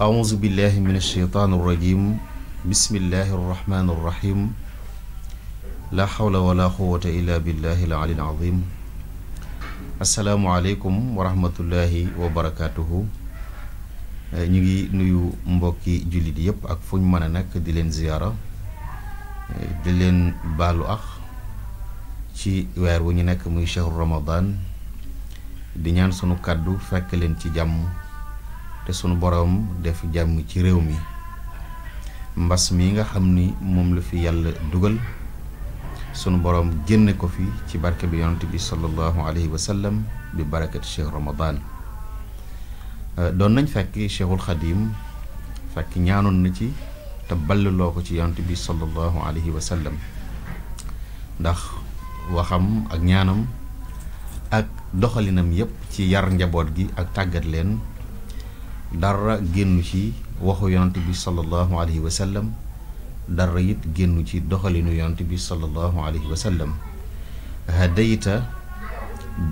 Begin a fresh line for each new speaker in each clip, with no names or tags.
أعوذ بالله من الشيطان الرجيم بسم الله الرحمن الرحيم لا حول ولا قوة إلا بالله العلي العظيم السلام عليكم ورحمة الله وبركاته ñu ngi nuyu mbokki jullit yépp ak fu ñu mën a nag di leen ziyaara eh, di leen baalu ax ci weer wu ñu nekk muy chehru ramadan di ñaan sunu kàddu fekk leen ci jàmm te sunu boroom def jàmm ci réew mi mbas mi nga xam ni moom la fi yàlla dugal sunu boroom génne ko fi ci barke bi yonent bi sallallahu alayhi wa sallam bi barakati cheikh ramadan euh, doon nañ fekk cheikhul xadim fekk ñaanoon na ci te ballaloo ko ci yonent bi sallallahu alayhi wa sallam ndax waxam ak ñaanam ak doxalinam yépp ci yar njaboot gi ak tàggat leen dara génn ci waxu yonent bi sallallahu alayhi wa sallam dara it génn ci doxalinu yonent bi sallallahu alayhi wa sallam hadayta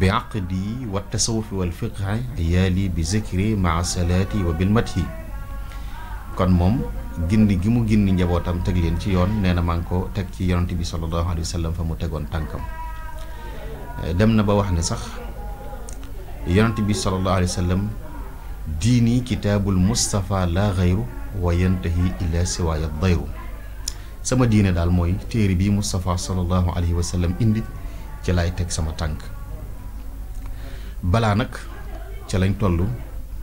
bi aqdi wa tasawufi wal fiqhi iyaali bi zikri maa salaati wa bil mathi kon moom gindi gi mu gindi njabootam teg leen ci yoon nee na maa ngi ko teg ci yonent bi sallallahu alayhi fa mu tegoon tànkam dem na ba wax ne sax yonent bi sallallahu alayhi wa diini kitaabul Moustapha laa xayru wa yantahi ila siwaaya dayru sama diine daal mooy téere bii Moustapha sallallahu alayhi wa sallam indi ci laay teg sama tànk balaa nag ca lañ toll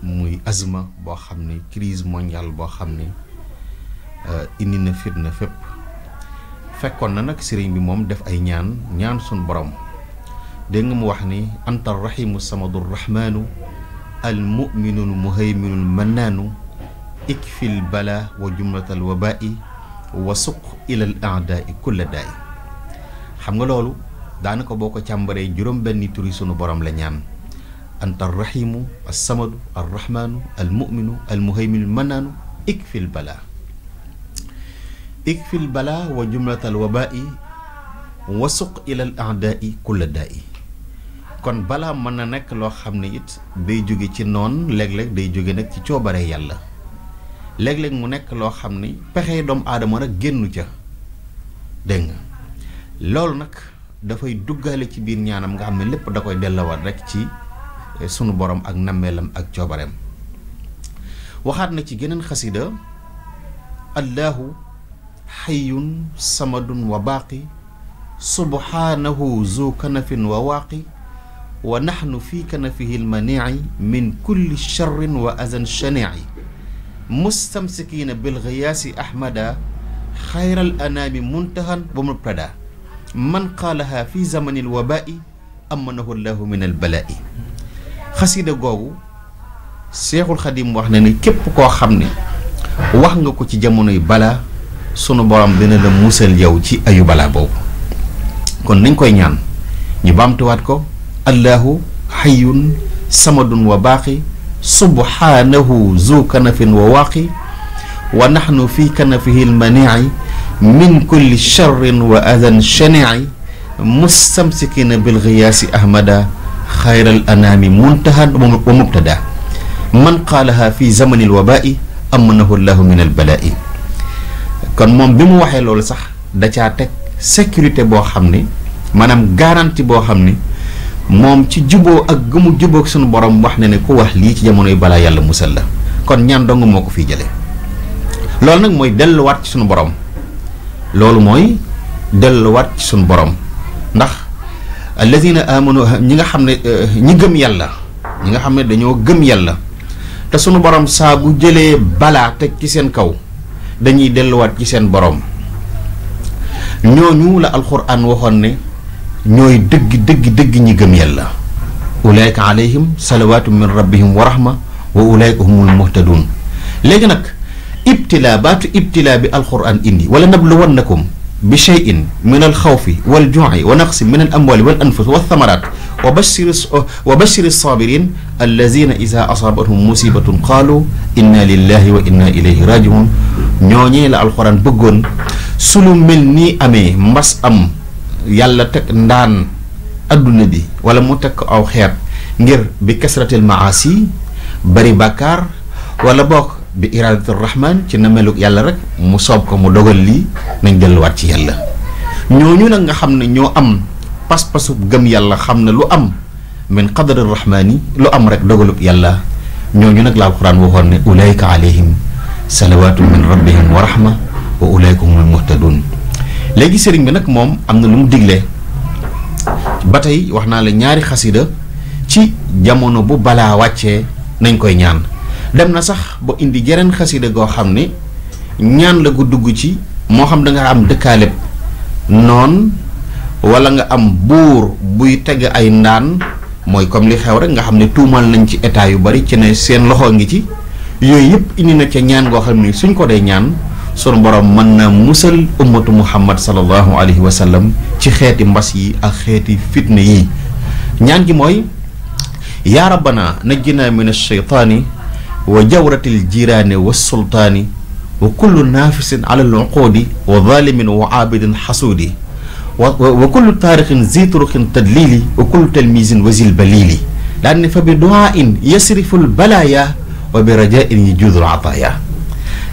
muy azma boo xam ne crise mondiale boo xam ne euh, indi na fitna fépp fekkoon na nag sëriñ bi moom def ay ñaan ñaan suñ borom dégg nga mu wax ni antar rahimu samadur rahmaanu almuminul muhayminul mannaanu ikfil bala wa jumlatal wabai wa suq ilal aadaai kulla daay xam nga loolu daanaka boo ko càmbaree juróom benni turi sunu borom la ñaan anta arrahimu assamadu arrahmaanu almuminu almuhayminu almannaanu ikfil bala ikfil bala wa jumlatal wabai wa suq ilal aadaai kulla daai kon balaa mën na nekk loo xam ne it day jóge ci noon léeg-léeg day jóge nag ci coobare yàlla léeg-léeg mu nekk loo xam ne pexey doomu aadama rek génnu ca dégg nga loolu nag dafay duggale ci biir ñaanam nga xam ne lépp da koy dellawaat rek ci eh, sunu boroom ak nammeelam ak coobareem waxaat na ci geneen xasida allahu xayyun samadun wa baaqi subhaanahu zu kanafin wa waaqi wa nahnu fii kanafihi lmanii min kulli charrin wa azan shanii mustamsikina bilgiyaasi ahmada xayral anaami muntahan wa mubtada man qaalaha fi zamani lwabaai amanahu llahu min albalaai xasida googu seexul xadim wax na ne képp koo xam ne wax nga ko ci jamonoy balaa sunu borom dina la musal yow ci ayu balaa boobu kon nañ koy ñaan ñu baamtuwaat ko allahu xayun samadun wa baaqi subhaanahu zu kanafin wa waaqi wa naxnu fi kanafihi almanici min kulli charrin wa adan shanici mustamsikina bilgiyaasi ahmada xayra al anaami muntahan wa mubtada man qaalaha fi zamani alwabaai amanahu llahu min albalaai kon moom bi mu waxee loolu sax da caa teg sécurité boo xam ni maanaam garantie boo xam ni moom ci juboo ak gëmu jubóog suñu borom wax na ne ku wax lii ci jamonoy balaa yàlla musal la kon ñaan dong moo ko fiy jëlee loolu nag mooy delluwaat ci suñu borom loolu mooy delluwaat ci suñu borom ndax allazina amanu ñi nga xam ne eh, ñi gëm yàlla ñi nga xam ne dañoo gëm yàlla te sunu borom saa bu jëlee balaa teg ci seen kaw dañuy delluwaat ci seen borom ñooñu la alxuraan waxoon ne ñooy dëgg dëgg dëgg ñi gëm yàlla ulaayka alayhim salawaatu min rabbihim wa rahma wa ulaayka humul muhtadun léegi nag ibtilaa baatu ibtilaa bi alquran indi wala nabluwannakum bi cheyin min alxawfi wal juuci wa naqsi min al amwali wal anfus wa thamaraat wa bashiri wa bashiri sabirin allazina ida asaabathum musibatun qaalu inna lillahi wa inna ilayhi rajiun ñooñee la alquran bëggoon su lu mel nii amee mbas am yàlla teg ndaan àdduna bi wala mu teg ko aw xeet ngir bi kasratil maasi bari bàkkaar wala bokk bi iradatul rahman ci nameluk yàlla rek mu soob ko mu dogal lii nañ delluwaat ci yàlla ñooñu nag nga xam ne ñoo am pas-pasu gëm yàlla xam ne lu am min qadari rahmaani lu am rek dogalub yàlla ñoo ñu nag la alquran waxoon ne ulayka alayhim salawaatu min rabbihim wa rahma wa ulayka humul léegi sëriñ bi nag moom am na lu mu digle ba tey wax naa la ñaari xasida ci jamono bu balaa wàccee nañ koy ñaan dem na sax ba indi jeneen xasida goo xam ni ñaan la gu dugg ci moo xam da nga am dëkkaaleb noon wala nga am buur buy teg ay ndaan mooy comme li xew rek nga xam ne tuumal nañ ci état yu bari ci ne seen loxo ngi ci yooyu yëpp indi na ca ñaan goo xam ne suñ ko dee ñaan sunu borom mën na musal ummatu muhammad sallallahu alayhi wa sallam ci xeeti mbas yi ak xeeti fitna yi ñaan gi mooy yaa rabbana najjina min alcheytaani wa jawrati aljiraani wa sultaani wa kullu naafisin ala aluquudi wa zalimin wa aabidin xasuudi wa wa kullu taarixin zi turuqin tadlili wa kullu talmisin wa zil balili daan ne fa bi duain yasrifu lbalaya wa bi rajain yujudul ataaya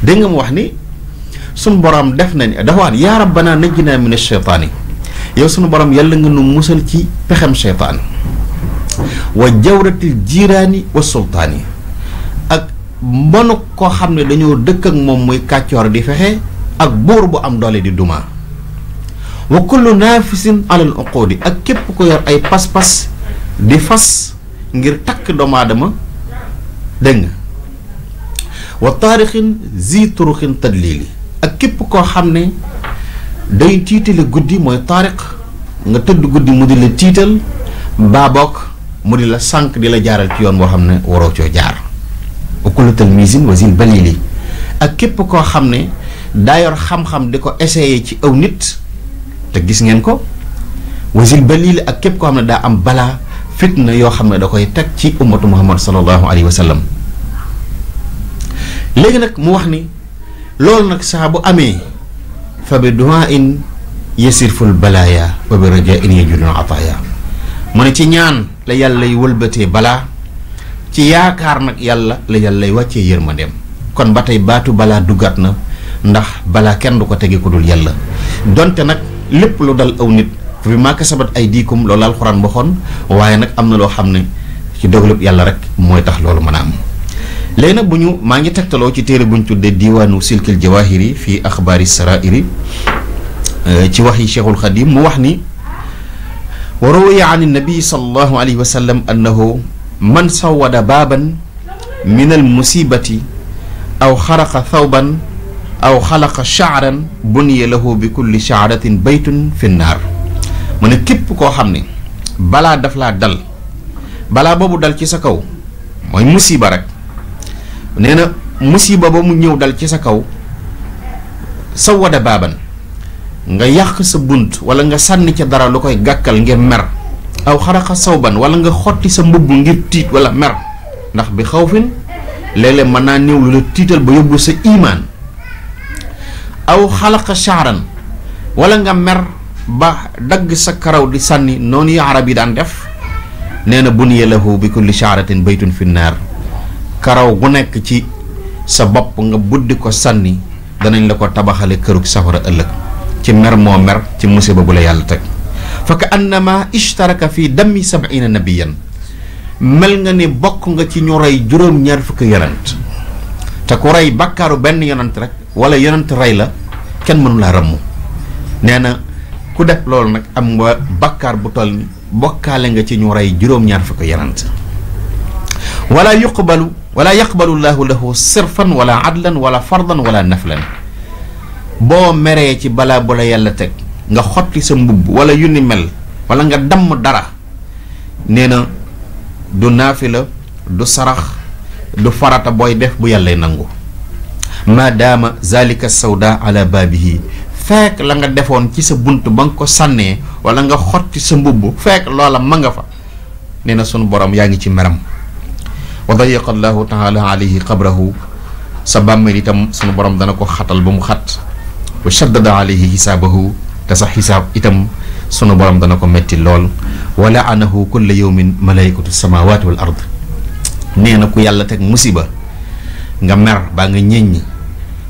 dégg nga mu wax ni sunu borom def nañ dafa wax yaa naa najjinaa mina shaytaani yow sunu borom yàlla nga nu musal ci pexem seytaan wa jawratil jiraani wa sultaani ak mbonu koo xam ne dañoo dëkk ak moom muy kàccoor di fexe ak buur bu am doole di duma wa kullu naafisin alal uquudi ak képp ko yor ay pas-pas di fas ngir takk doomu aadama dégg nga wa taarixin zi turuxin tadliili ak képp koo xam ne day tiitale guddi mooy taariq nga tëdd guddi mu di la tiital baa mu di la sànq di la jaaral ci yoon boo xam ne waroo coo jaar ukulatal misin wasin balili ak képp koo xam ne daa yor xam-xam ko essayé ci aw nit te gis ngeen ko wasil balili ak képp koo xam ne daa am balaa fitna yoo xam ne da koy teg ci ummatu muhammad sallallahu alayhi wa sallam léegi nag mu wax ni loolu nag saa bu amee fa bi duwaa in yasirful balaaya wa bi rajaa in yajudun ataaya mu ne ci ñaan la yàlla y wëlbatee balaa ci yaakaar nag yàlla la yàlla y wàccee yërmandeem kon ba tey baatu balaa duggaat na ndax balaa kenn du ko tege ko dul yàlla donte nag lépp lu dal aw nit bi maa kasabat ay diikum loolu alxuraan waxoon waaye nag am na loo xam ne ci dogalub yàlla rek mooy tax loolu mën a am léegi nag bu ñu maa ngi tegtaloo ci téere bu ñu tuddee diwaanu silkil jawahiri fii axbaari sarairi euh, ci waxi cheikhul xadim mu wax ni wa rawiya an nabi salallahu alayhi wa sallam annahu man sawada baaban min al musibati aw xaraqa thawban aw xalaqa shaaran buniya lahu bi kulli shaaratin baytun fi nnaar mu ne képp koo xam ne balaa daf laa dal balaa boobu dal ci sa kaw mooy musiba rek nee na musiba ba mu ñëw dal ci sa kaw sa wada baaban nga yàq sa bunt wala nga sànni ca dara lu koy gàkkal ngir mer aw xaraxa sawban wala nga xotti sa mbubb ngir tiit wala mer ndax bi xawfin léeg-léeg mën naa néew lu la tiital ba yóbbu sa imaan aw xalaqa shaaran wala nga mer ba dagg sa karaw di sànni noonu ya arab yi daan def nee na buniya lahu bi kulli shaaratin baytun fi nnaar karaw gu nekk ci sa bopp nga buddi ko sànni danañ la ko tabaxale kërug safara ëllëg ci mer moo mer ci musiba bu la yàlla teg fa ka annama ishtaraka fi dami sabina nabiyan mel nga ni bokk nga ci ñu rey juróom-ñaar fukki yonent te ku rey bàkkaaru benn yonent rek wala yonent rey la kenn mënu laa rëmm nee na ku def loolu nag am bu toll ni nga ci ñu rey juróom-ñaar fukki wala yaqbalu llahu lahu sirfan wala adlan wala fardan wala naflan boo meree ci balaa bu la yàlla teg nga xotti sa mbubb wala yu ni mel wala nga damm dara nee na du naafila du sarax du farata booy def bu yàlla nangu maadaama zalika sawda ala baabihi fekk la nga defoon ci sa bunt ba nga ko sànnee wala nga xotti sa mbubb fekk loola ma nga fa nee na sunu borom yaa ngi ci meram wa dayiqa allahu taala alayhi qabrahu sa bàmmeel itam sunu borom dana ko xatal ba mu xat wa shaddada alayhi xisaabahu te sa xisaab itam sunu borom dana ko metti lool wa laanahu kulla yawmin malaykatu samawati wal ard nee na ku yàlla teg musiba nga mer baa nga ñeññ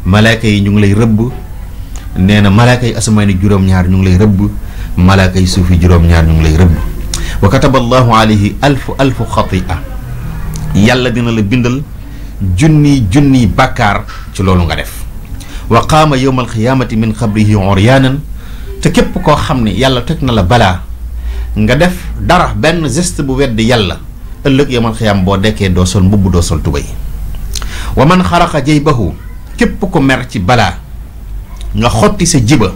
malaaka yi ñu ngi lay rëbb nee na malaaka yi asamaani juróom-ñaar ñu ngi lay rëbb malaaka yi suufi juróom-ñaar ñu ngi lay rëbb wa kataba allahu alayhi alfu alfu yàlla dina la bindal junni junni bàkkaar ci loolu nga def wa qaama yowma alqiyaamati min qabrihi uryaanan te képp koo xam ne yàlla teg na la balaa nga def dara benn geste bu weddi yàlla ëllëg yowmal xiyaam boo dekkee doo sol mbubb doo sol tubay wa man xaraqa jaybahu képp ko mer ci balaa nga xotti sa jiba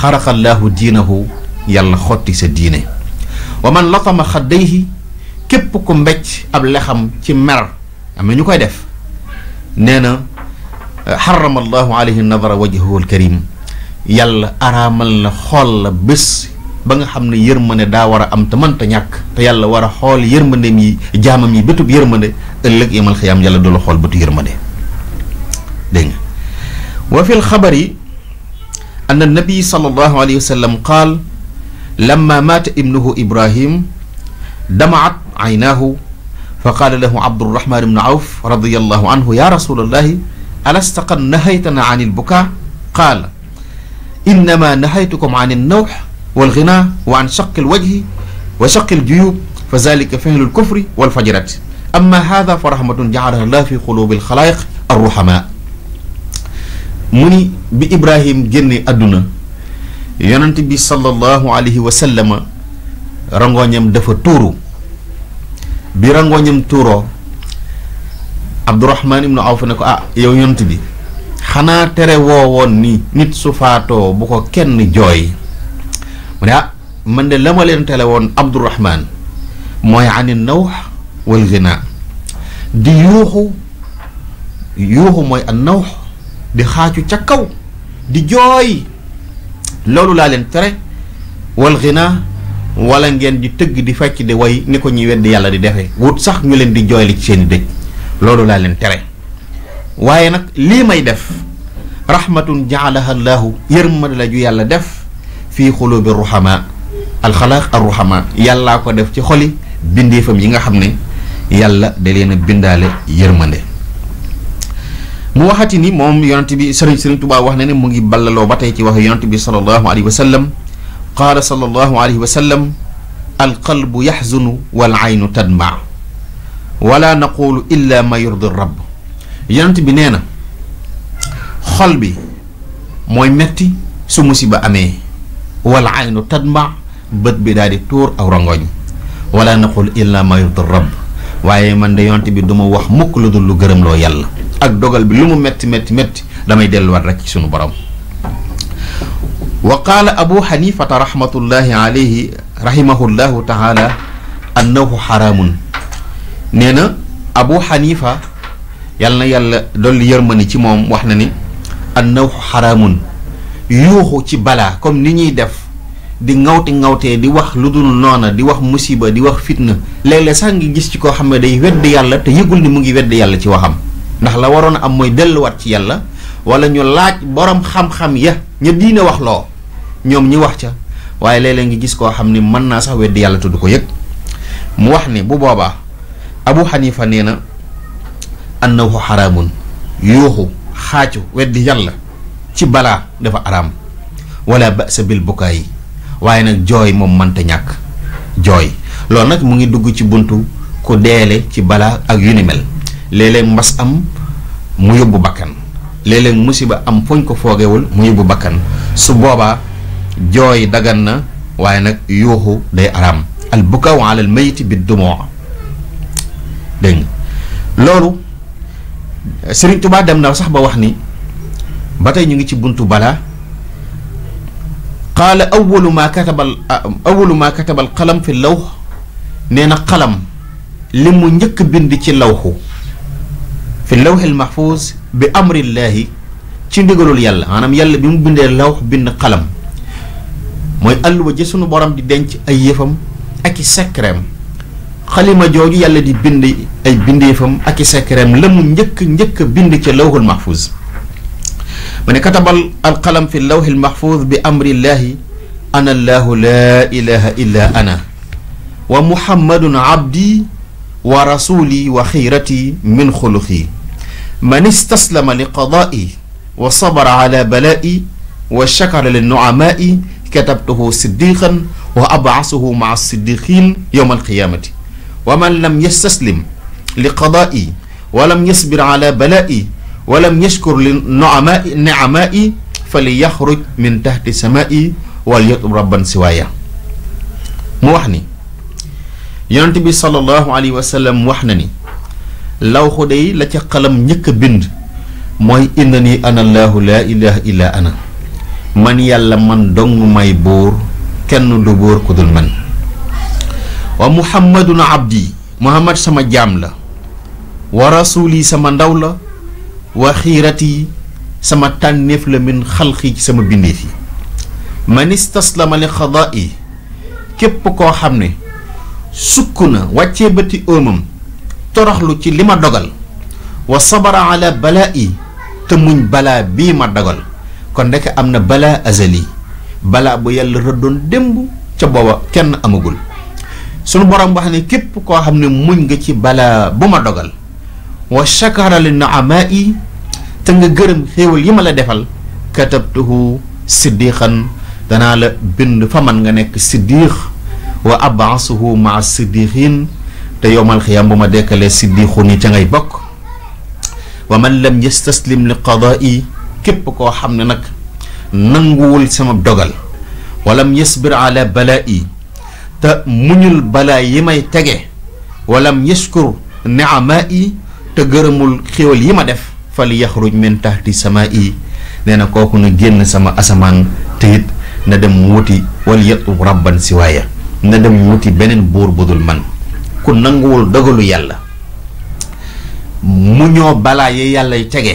xaraqallaahu diinahu yàlla xotti sa diine wa man latama xaddayhi képp ku mbécc ab lexam ci mer am na ñu koy def nee na xarama allahu alayhi nadara wajhahu alkarim yàlla araamal na xool la bés ba nga xam ne yërmande daa war a am te mënta ñàkk te yàlla war a xool yërmandeem yi jaamam yi bëtub yërmande ëllëg yamal xiyaam yàlla du la xool bëtu yërmande dégg nga wa fi lxabari an annabi sal allahu alayhi wa sallam qaal lamma maata ibnuhu ibrahim damaat aynaahu fa qaala lahu abdurahman ibnu awf radiallahu anhu ya rasulallahi alasta qad nahaytana an il bukaa qaala innama nahaytukum an il nawx walgina wa an shaqi lwajhi wa shaqi ljuyub fa zalika fihlu lkufri walfajrati amma hada fa rahmatun jaalaha llah fi qulubi alxalaayiq arruhamaa mu ni bi ibrahim génne àdduna yonent bi sallallahu alayhi wa sallama rangooñam dafa tuuru bi rangoñam tuuroo Abdurahman ibnu Awf ne ko ah yow yont bi xanaa tere woo woon ni nit sufaatoo bu ko kenn jooy mu ne ah man de la ma leen tele woon Abdurahman mooy ani nawx wal di yuuxu yuuxu mooy an nawx di xaacu ca kaw di jooy loolu laa leen tere wal ginaa wala ngeen di tëgg di fecc di way ni ko ñuy weddi yàlla di defee wut sax ñu leen di jooyli ci seen i dëj loolu laa leen tere waaye nag lii may def rahmatun jaalaha llaahu yërmande la ju yàlla def fii xulubi ruhamaa alxalaaq arruhamaa yàllaa ko def ci xoli bindeefam yi nga xam ne yàlla de leen a bindaale yërmande mu waxati ni moom yonent bi sëriñ sëriñ Tuubaa wax na ne mu ngi ballaloo ba tey ci wax yonent bi sallallahu alayhi wa sallam qaala sallallahu alayhi wa sallam alqalbu yaxzunu wal aynu tadma wala naqulu illa ma yurdi rabb yonent bi nee na xol bi mooy metti su musiba amee wal aynu tadma bët bi daal di tuur aw rongoñ wala naqulu illa ma yurdi rabb waaye man de yonent bi du ma wax mukk lu dul lu gërëm loo yàlla ak dogal bi lu mu metti metti metti damay delluwaat rek ci sunu borom wa qaala abu xanifata rahmatullahi alayhi rahimahullahu taala annahu xaraamun nee na abu xanifa yàlla na yàlla dolli yërmani ci moom wax na ni annahu xaraamun yuuxu ci balaa comme ni ñuy def di ngawti ngawtee di wax lu dul noona di wax musiba di wax fitna léeg-léeg sax ngi gis ci koo xam ne day wedd yàlla te yëgul ni mu ngi wedd yàlla ci waxam ndax la waroon a am mooy delluwaat ci yàlla wala ñu laaj boroom xam-xam ya ña diine wax loo ñoom ñi wax ca waaye léeg-léeg gis koo xam ni mën naa sax weddi yàlla tudd ko yëg mu wax ni bu boobaa abu xanifa nee na na annahu xaraamun yuuxu xaacu weddi yàlla ci balaa dafa araam wala ba'sa bil bukaa yi waaye nag jooy moom mënta ñàkk jooy loolu nag mu ngi dugg ci buntu ku deele ci balaa ak yu ni mel léeg mbas am mu yóbbu bakkan léeg-léeg musiba am foñ ko foogewul mu yóbbu bakkan su boobaa jooy dagan na waaye nag yuuxu day araam al bukaw ala al mayiti bi dumoo dégg nga loolu Sëriñ Tubaa dem na sax ba wax ni ba tey ñu ngi ci buntu balaa qaala awalu maa katabal awalu maa katabal xalam fi lawx nee na xalam li mu njëkk bind ci lawxu fi lawhil mahfuz bi amrillahi ci ndigalul yàlla maanaam yàlla bi mu bindee lawx bind xalam mooy àlluwa ji sunu borom di denc ay yëfam ak i sekkereem jooju yàlla di bind ay bindeefam ak i sekkereem la mu njëkk njëkk bind ca lawhul mahfuz ma ne alqalam fi lawhil mahfuz bi amrillahi ana allahu laa ilaha illa ana wa muhammadun abdi wa rasuli wa xiirati min xuluqi man istaslama li qadaa'i wa sabara ala balaa'i wa shakara li nu'amaa'i katabtuhu siddiqan wa ab'asuhu ma'a siddiqin yowma alqiyaamati wa man lam yastaslim li qadaa'i wa lam yasbir ala balaa'i wa lam yashkur li nu'amaa'i ni'amaa'i fali yaxruj min tahti samaa'i wal yatub rabban siwaaya mu wax ni yonent bi sallallahu alayhi wa sallam wax na ni lawxu day la ca xalam njëkk a bind mooy inna ana allahu laa ilaha illa ana man yàlla man dong may buur kenn du buur ku dul man wa muhammadun abdi muhammad sama jaam la wa rasuli sama ndaw la wa xiirati sama tànneef la min xalqi ci sama bindeef yi man istaslama li képp koo xam ne sukk na wàccee bëti óomam toroxlu ci li ma dogal wa sabar ala balaa i te muñ balaa bii ma dogal kon ndeke am na balaa azali balaa bu yàlla rëddoon démb ca booba kenn amagul sunu borom wax ne képp koo xam ne muñ nga ci balaa bu ma dogal wa shakara li naamaa i te nga gërëm xéewal yi ma la defal katabtuhu siddiqan danaa la bind fa man nga nekk siddiq wa abaasuhu maa siddiqin te yowmal xiyaam bu ma dekkalee siddiixu ni ca ngay bokk wa man lam yastaslim li qadaa'i képp koo xam ne nag nanguwul samab dogal walam yasbir ala balaa'i te muñul balaa yi may tege walam yashkur ni'amaa'i te gërëmul xéwal yi ma def fa fal yaxruj min tahti samaa'i nee na kooku na génn sama asamaan te it na dem wuti wal yatlub rabban siwaaya na dem wuti beneen buur budul man kon nanguwul dogalu yàlla mu ñoo balaa yi yàlla yi tege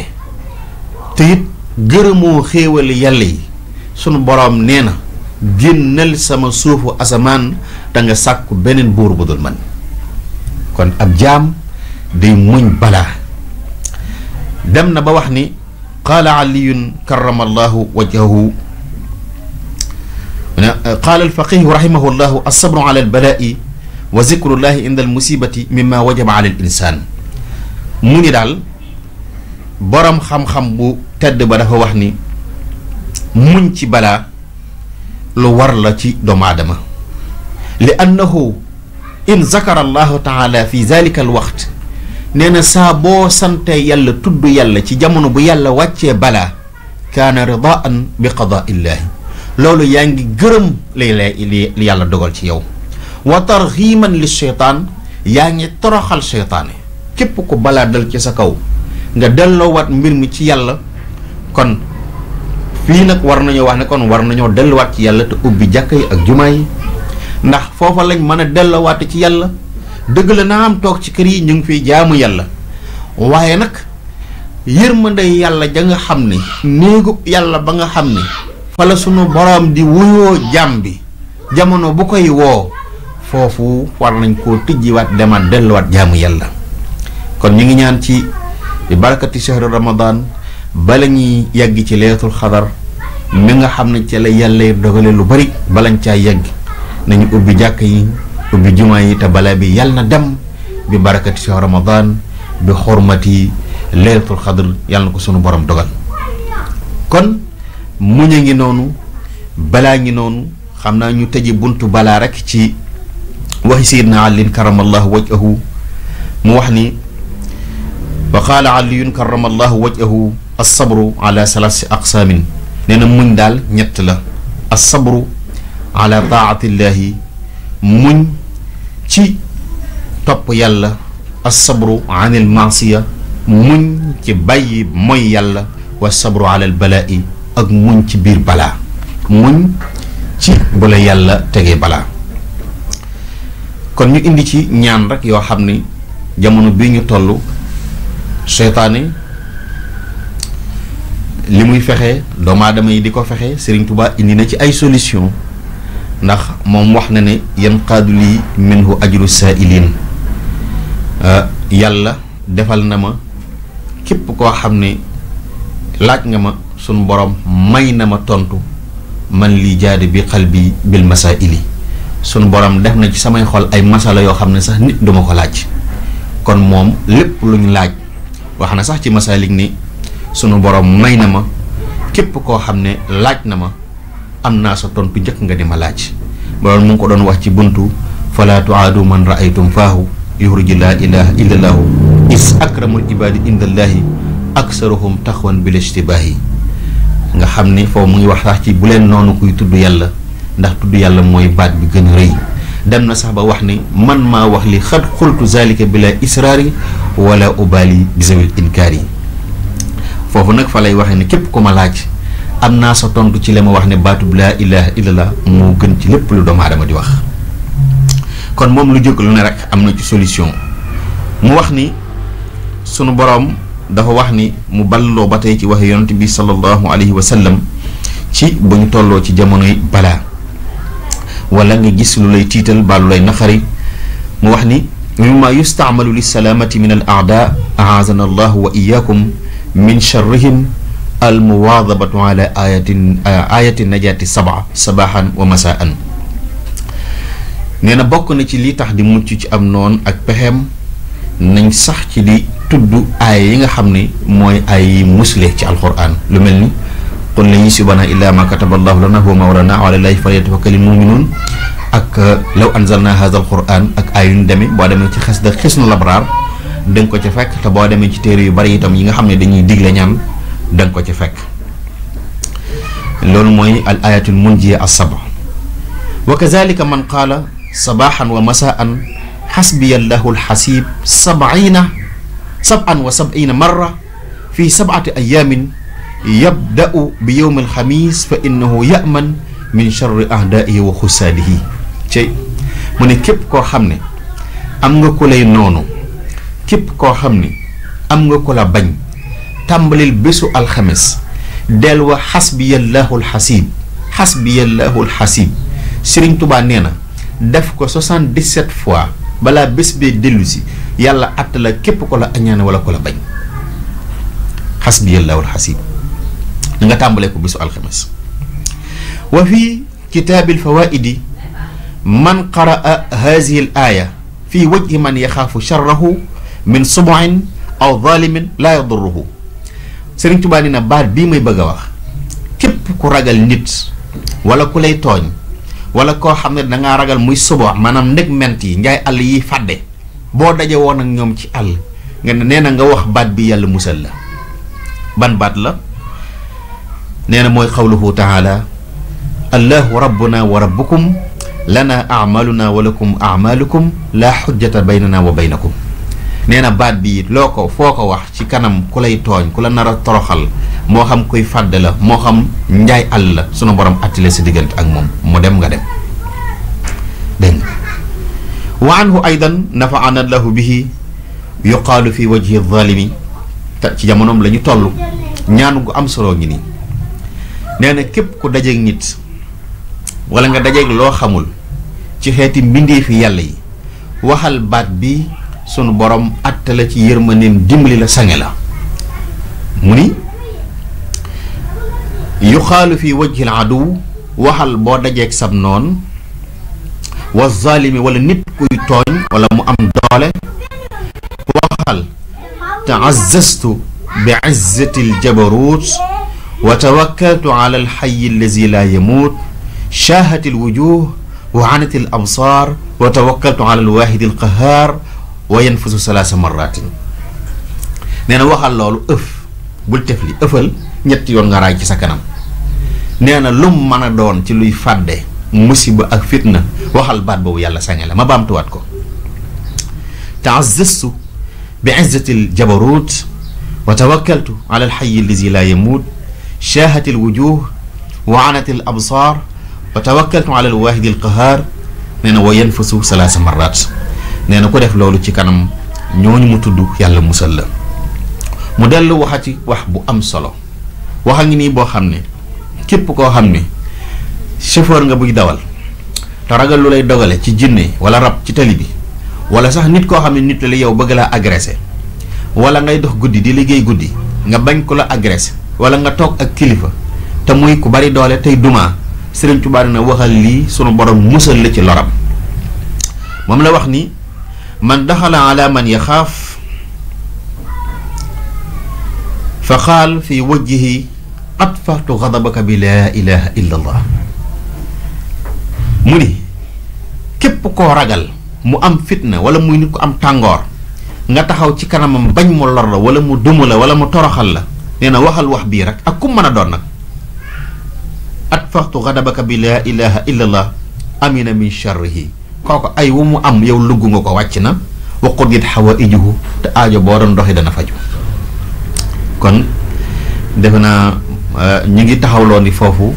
te it gërëmoo xéewal yàlla yi sunu boroom nee na génnal sama suufu asamaan da sàkku beneen buur bu dul man kon ab jaam day muñ balaa dem na ba wax ni qaala aliyun karama allahu wajhahu qaala alfaqihu rahimahu llahu alsabru ala albalaai wa zikrullahi indal musibati mimma wajaba alal insaan mu ni daal boroom xam-xam bu tedd ba dafa wax ni muñ ci balaa lu war la ci doomu aadama li annahu in zakara allahu taala fi zalika al waxt nee na saa boo santee yàlla tudd yàlla ci jamono bu yàlla wàccee balaa kaana ridaan bi qadaa illaahi loolu yaa ngi gërëm lay lay li yàlla dogal ci yow wa tarxiiman li seytaan yaa ngi toroxal seytaane képp ku balaa dal ci sa kaw nga delloowaat mbir mi ci yàlla kon fii nag war nañoo wax ne kon war nañoo delluwaat ci yàlla te ubbi jàkk yi ak jumaa yi ndax foofa lañ mën a delloowaat ci yàlla dëgg la naa am toog ci kër yi ñu ngi fiy jaamu yàlla waaye nag ma ndey yàlla ja nga xam ne néegub yàlla ba nga xam ni fa la sunu borom di wuyoo jaam bi jamono bu koy woo foofu war nañ koo tijjiwaat demaat delluwaat jàmm yàlla kon ñu ngi ñaan ci bi barakati shahru ramadan bala ñuy yàgg ci leetul xadar mi nga xam ne ci la yàlla dogale lu bari balañ ca yàgg nañu ubbi jàkk yi ubbi jumaa yi te bala bi yàlla na dem bi barakati shahru ramadan bi xormati leetul xadar yàlla na ko sunu borom dogal kon muñ a ngi noonu balaa ngi noonu xam naa ñu tëji buntu balaa rek ci waxi sayidna alin karamallahu wajhahu mu wax ni wa qaala aliyun karamallahu wajhahu alsabru ala salaasi aqsaamin nee na muñ daal ñett la alsabru ala taatillahi muñ ci topp yàlla alsabru an il maasiya muñ ci bàyyi mooy yàlla wa sabru ala al balaa i ak muñ ci biir balaa muñ ci bu la yàlla tegee balaa kon ñu indi ci ñaan rek yoo xam ne jamono bii ñu toll seetaane li muy fexe doomu aadama yi di ko fexe Serigne Touba indi na ci ay solution ndax moom wax na ne yan xaadu lii minhu ajru saa'ilin euh, yàlla defal na ma képp koo xam ne laaj nga ma sunu boroom may na ma tontu man lii jaade bi xal bi bil masaa'ili sunu borom def na ci samay xol ay masala yoo xam ne sax nit duma ko laaj kon moom lépp lu ñu laaj wax na sax ci masaalik ni sunu borom may na ma képp koo xam ne laaj na ma am naa sa tontu njëkk nga di ma laaj loolu mu ko doon wax ci buntu fala tuaadu man raaytum faahu yuxruju laa ilaha illa lahu is akramul ibadi indallahi aksaruhum taxwan bil yi nga xam ni foofu mu ngi wax sax ci buleen noonu kuy tudd yàlla ndax tudd yàlla mooy baat bi gën a dem na sax ba wax ni man maa wax li xat xultu zalika bila israari wala ubali bisawil inkaar yi foofu nag fa lay waxee ne képp ku ma laaj am naa sa tontu ci la ma wax ne baatub laa ilaha illallah moo gën ci lépp lu doomu aadama di wax kon moom lu jóg lu ne rek am na ci solution mu wax ni sunu boroom dafa wax ni mu balloo ba tey ci wax yonent bi sallallahu alayhi wa sallam ci bu ñu tolloo ci jamonoy balaa wala nga gis lu lay tiital ba lu lay naqari mu wax ni mimma yustaamalu lilsalaamati min al aada aazana allah wa iyakum min charrihim almuwaadabatu ala ayatin ayati najaati saba sabahan wa masaan nee na bokk na ci li tax di mucc ci am noon ak pexem nañ sax ci di tudd aaya yi nga xam ni mooy ay musle ci alquran lu mel ni qul lan yusibana illa ma kataballahu lana huwa mawlana wa ala llahi falyatawakkalil mu'minun ak euh, law anzalna hadha alquran ak ay yu demee boo demee ci xes da xis na labraar da nga ko ci fekk te boo demee ci téere yu bari itam yi nga xam ne dañuy digle ñaan da nga ko ci fekk loolu mooy al ayatul munjiya as saba wa kazalika man qaala sabaxan wa masaan xasbiya llahu alxasib sabiina saban wa sabiina marra fi sabati ayamin yabda'u bi yowmil xamiis fa innahu yaman min charri ahdaaihi wa xusaadihi cey mu ne képp koo xam ne am nga ku lay noonu képp koo xam ni am nga ku la bañ tàmbalil bésu alxemes dellu wa xasbiyallaahu alxasiib xasbiyallaahu alxasiib Sëriñ Tuubaa nee na def ko 77 fois balaa bés bee dellusi yàlla àtt la képp ko la añaane wala ko la bañ xasbiyallaahu na nga tàmbalee ko bisu alxames wa fi kitaabil fawaidi man qaraa haadihi al fi wajhi man yaxaafu charrahu min subuin aw zalimin laa yadurruhu sëriñ Tuubaa nee na baat bii may bëgg a wax képp ku ragal nit wala ku lay tooñ wala koo xam ne danga ragal muy suba maanaam ndeg ment yi njaay àll yi fàdde boo daje woon ak ñoom ci àll nga nee na nga wax baat bi yàlla musal la ban baat la nee na mooy xawluhu taala allahu rabbuna wa rabbukum lana amaluna wa lakum amalukum laa xujjata baynana wa baynakum nee na baat bi it loo ko foo ko wax ci kanam ku lay tooñ ku la nar a toroxal moo xam kuy fàdd la moo xam njaay àll la sunu borom attile sa diggante ak moom mu dem nga dem dégg wa anhu aydan nafaana lahu bihi yuqaalu fi wajhi zalimi te ci jamonoom la ñu toll am solo ngi nii nee na képp ku dajeeg nit wala nga dajeeg loo xamul ci xeeti mbindeefi yàlla yi waxal baat bi sunu borom àtte la ci yërmandeem dimbali la sange la mu ni yuxaalu fi wajhil aduw waxal boo dajeek sab noon wa zalimi wala nit kuy tooñ wala mu am doole waxal taazastu bi izzatil jabarut wa tawakkaltu ala alxayi allazi laa yamuut shaahat alwujuh wa anat al absaar wa tawakkaltu ala alwaahidi alqahaar wa yanfusu salaasa marratin nee na waxal loolu ëf bul tef li ëfal ñetti yoon nga raay ci sa kanam nee na lum mën a doon ci luy fàdde musiba ak fitna waxal baat boobu yàlla sañe la ma baamtuwaat ko taazastu bi izzati aljabarut wa tawakkaltu ala alxayi allazi laa yamuut shaahat alwujuh wa anat al absar wa tawakkaltu ala alwaahidi alqahaar nee na wa yanfasu salaasa marat nee na ku def loolu ci kanam ñooñu mu tudd yàlla musal la mu dellu waxati wax bu am solo waxa ngi nii boo xam ne képp koo xam ne chauffeur nga buy dawal te ragal lu lay dogale ci jinne wala rab ci tali bi wala sax nit koo xam ne nit la yow bëgg laa agressé wala ngay dox guddi di liggéey guddi nga bañ ko la agressé wala nga toog ak kilifa te muy ku bari doole tey duma sëriñ Tuubaa na waxal lii sunu borom musal la ci loram moom la wax ni man daxala ala man yaxaaf fa xaal fi wajhihi atfahtu xadabaka bi laa ilaha illa mu ni képp ko ragal mu am fitna wala muy nit ku am tàngoor nga taxaw ci kanamam bañ mu lor la wala mu duma la wala mu toroxal la nee na waxal wax bii rek ak ku mën a doon nag atfaxtu xadabaka bi laa ilaha illa allah amina min charrihi kooku ay wu mu am yow lugg nga ko wàcc na waqut git xawa ijuhu te ajo boo doon doxi dana faju kon defe naa eh, ñu ngi taxawloo di foofu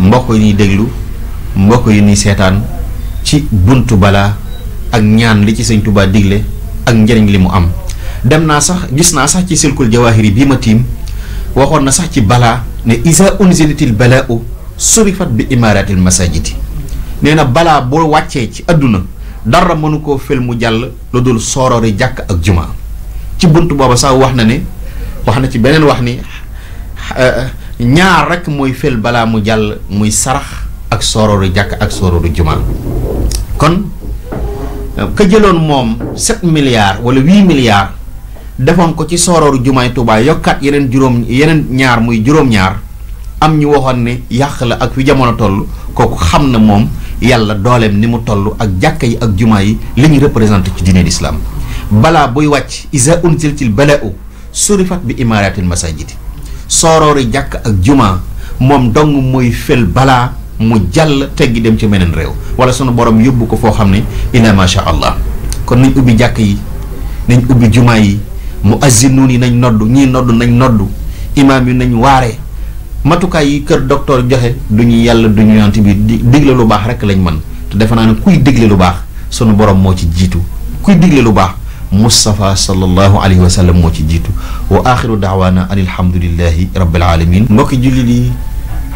mbokk yi ñuy déglu mbokk yi ñuy seetaan ci bunt balaa ak ñaan li ci sëñ Tuubaa digle ak njëriñ li mu am dem naa sax gis naa sax ci silkul jawaahiri bi ma tiim waxoon na sax ci balaa ne isa unzilatil balaa u surifat bi imaaratil masajidi nee na balaa boo wàccee ci adduna dara mënu koo fel mu jàll lu dul soorori jàkk ak jumaa ci bunt booba sax wax na ne wax na ci beneen wax ni ñaar rek mooy fel balaa mu jàll muy sarax ak soorori jàkk ak soorori juma kon ka jëloon moom sept milliards wala huit milliards defoon ko ci soorooru jumaay Tuubaa yokkaat yeneen juróom yeneen ñaar muy juróom-ñaar am ñu waxoon ne yàq la ak fi jamono toll kooku xam na moom yàlla dooleem ni mu toll ak jàkka yi ak jumaa yi li ñu représenté ci diine islaam balaa buy wàcc isa unziltil bala'u surifat bi imaaratil masajidi sooroori jàkk ak jumaa moom dong muy fël balaa mu jàll teggi dem ci meneen réew wala sunu borom yóbbu ko foo xam ne ila ma sha allah kon nañ ubbi jàkk yi mu azinuun yi nañ noddu ñii noddu nañ noddu imaam yi nañu waare matukaay yi kër docteur joxe du ñu yàlla du ñu yant bi digle lu baax rek lañ man te defe naa ne kuy digle lu baax sunu borom moo ci jiitu kuy digle lu baax Moustapha sallallahu alayhi wa sallam moo ci jiitu wa axiru daawaana an alhamdulillahi rabbil alamin mbokki jullit lii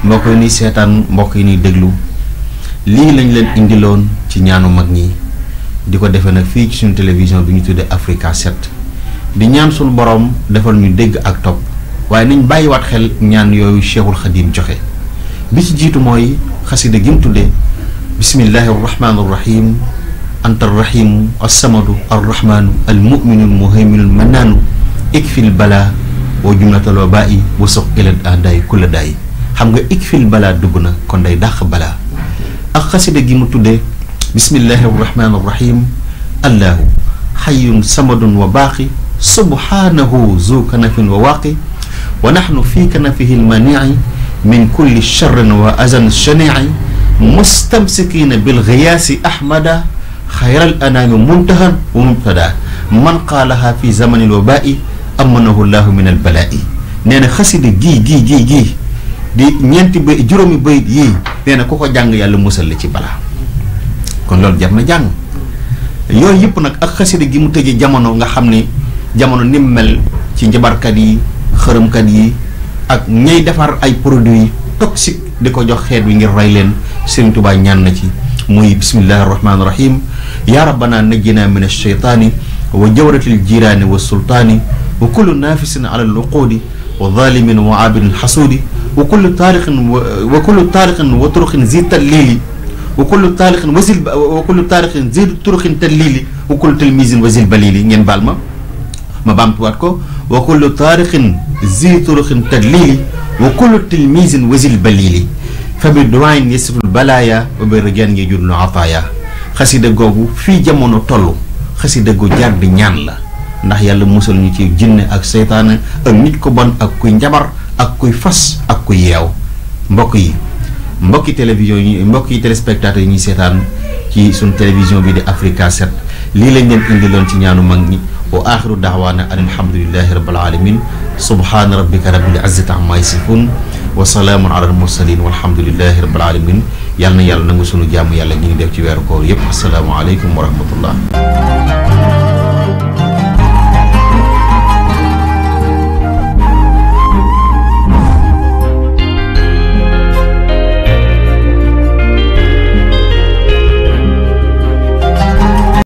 mbokk yi nuy seetaan mbokk yi nuy déglu lii lañ leen indiloon ci ñaanu mag ñi di ko defee nag fii ci suñu télévision bi ñu tuddee Africa 7 di ñaan suñu boroom defal ñu dégg ak topp waaye nañu bàyyiwaat xel ñaan yooyu cheikhul xadim joxe bi ci jiitu mooy xasida gi mu tudde bismillahi arrahmani arrahim anta arrahimu assamadu arrahmanu almuminu almuhayminu almanaanu ikfil bala wa jumlataloo bà i xam nga ikfil bala dugg na kon day dàq bala ak xasida gi mu tudde bismillahi arrahmani arrahim allahu xayun samadun wa baaqi subhanahu zu kanafin wa waaqi wa nahnu fi kanafihi lmanici min kulli charrin wa azan shanici mustamsikina bilgiyaasi ahmada xayra alanaami muntahan wa mubtada man qaalaha fi zamani lwabaa'i amanahu llahu min albalaa'i nee na xasida gii gii gii gii di ñeenti ba juróomi bayit yii nee na ku ko jàng yàlla musal la ci balaa kon loolu jar na jàng yooyu yëpp nag ak xasida gi mu tëjee jamono nga xam ne jamono nim mel ci njabarkat yi xërëmkat yi ak ñay defar ay produits toxiques di ko jox xeet wi ngir rey leen Sëriñ Tuubaa ñaan na ci muy bismillahi rahmaani rahim yaa rabbana najjina min alcheytaani wa jawratil jiraani wa sultaani wa kullu naafisin ala luquudi wa zalimin wa aabidin xasuudi wa kullu taariqin wa kullu taariqin wa turuqin zi talliili wa kullu taariqin wa zil wa kullu taariqin zi turuqin talliili wa kullu tilmisin wa zil balili ngeen baal ma ma baamtuwaat ko wa kullu taarixin zi turuxin tadlili wa kullu tilmisin wasil balili fa bi duwaayin yasiful balaaya wa bi rajaan ngi jur lu ataaya xasida googu fii jamono toll xasida gu jar di ñaan la ndax yàlla musal ñu ci jinne ak seytaane ak nit ko bon ak kuy njabar ak kuy fas ak kuy yeew mbokk yi mbokki télévision yi mbokki téléspectateurs yi ñuy seetaan ci suñu télévision bi di Africa 7 lii lañ leen indiloon ci ñaanu mag ñi wa axiru daawaana an alhamdulilahi rabil alamin subhaana rabbika rabbil izzati amma yasifun wa salaamun ala almursalin walhamdulilahi rabil alamin yàlla na yàlla nangu sunu jaamu yàlla ñu ngi def ci weeru koor yëpp asalaamaaleykum wa rahmatullah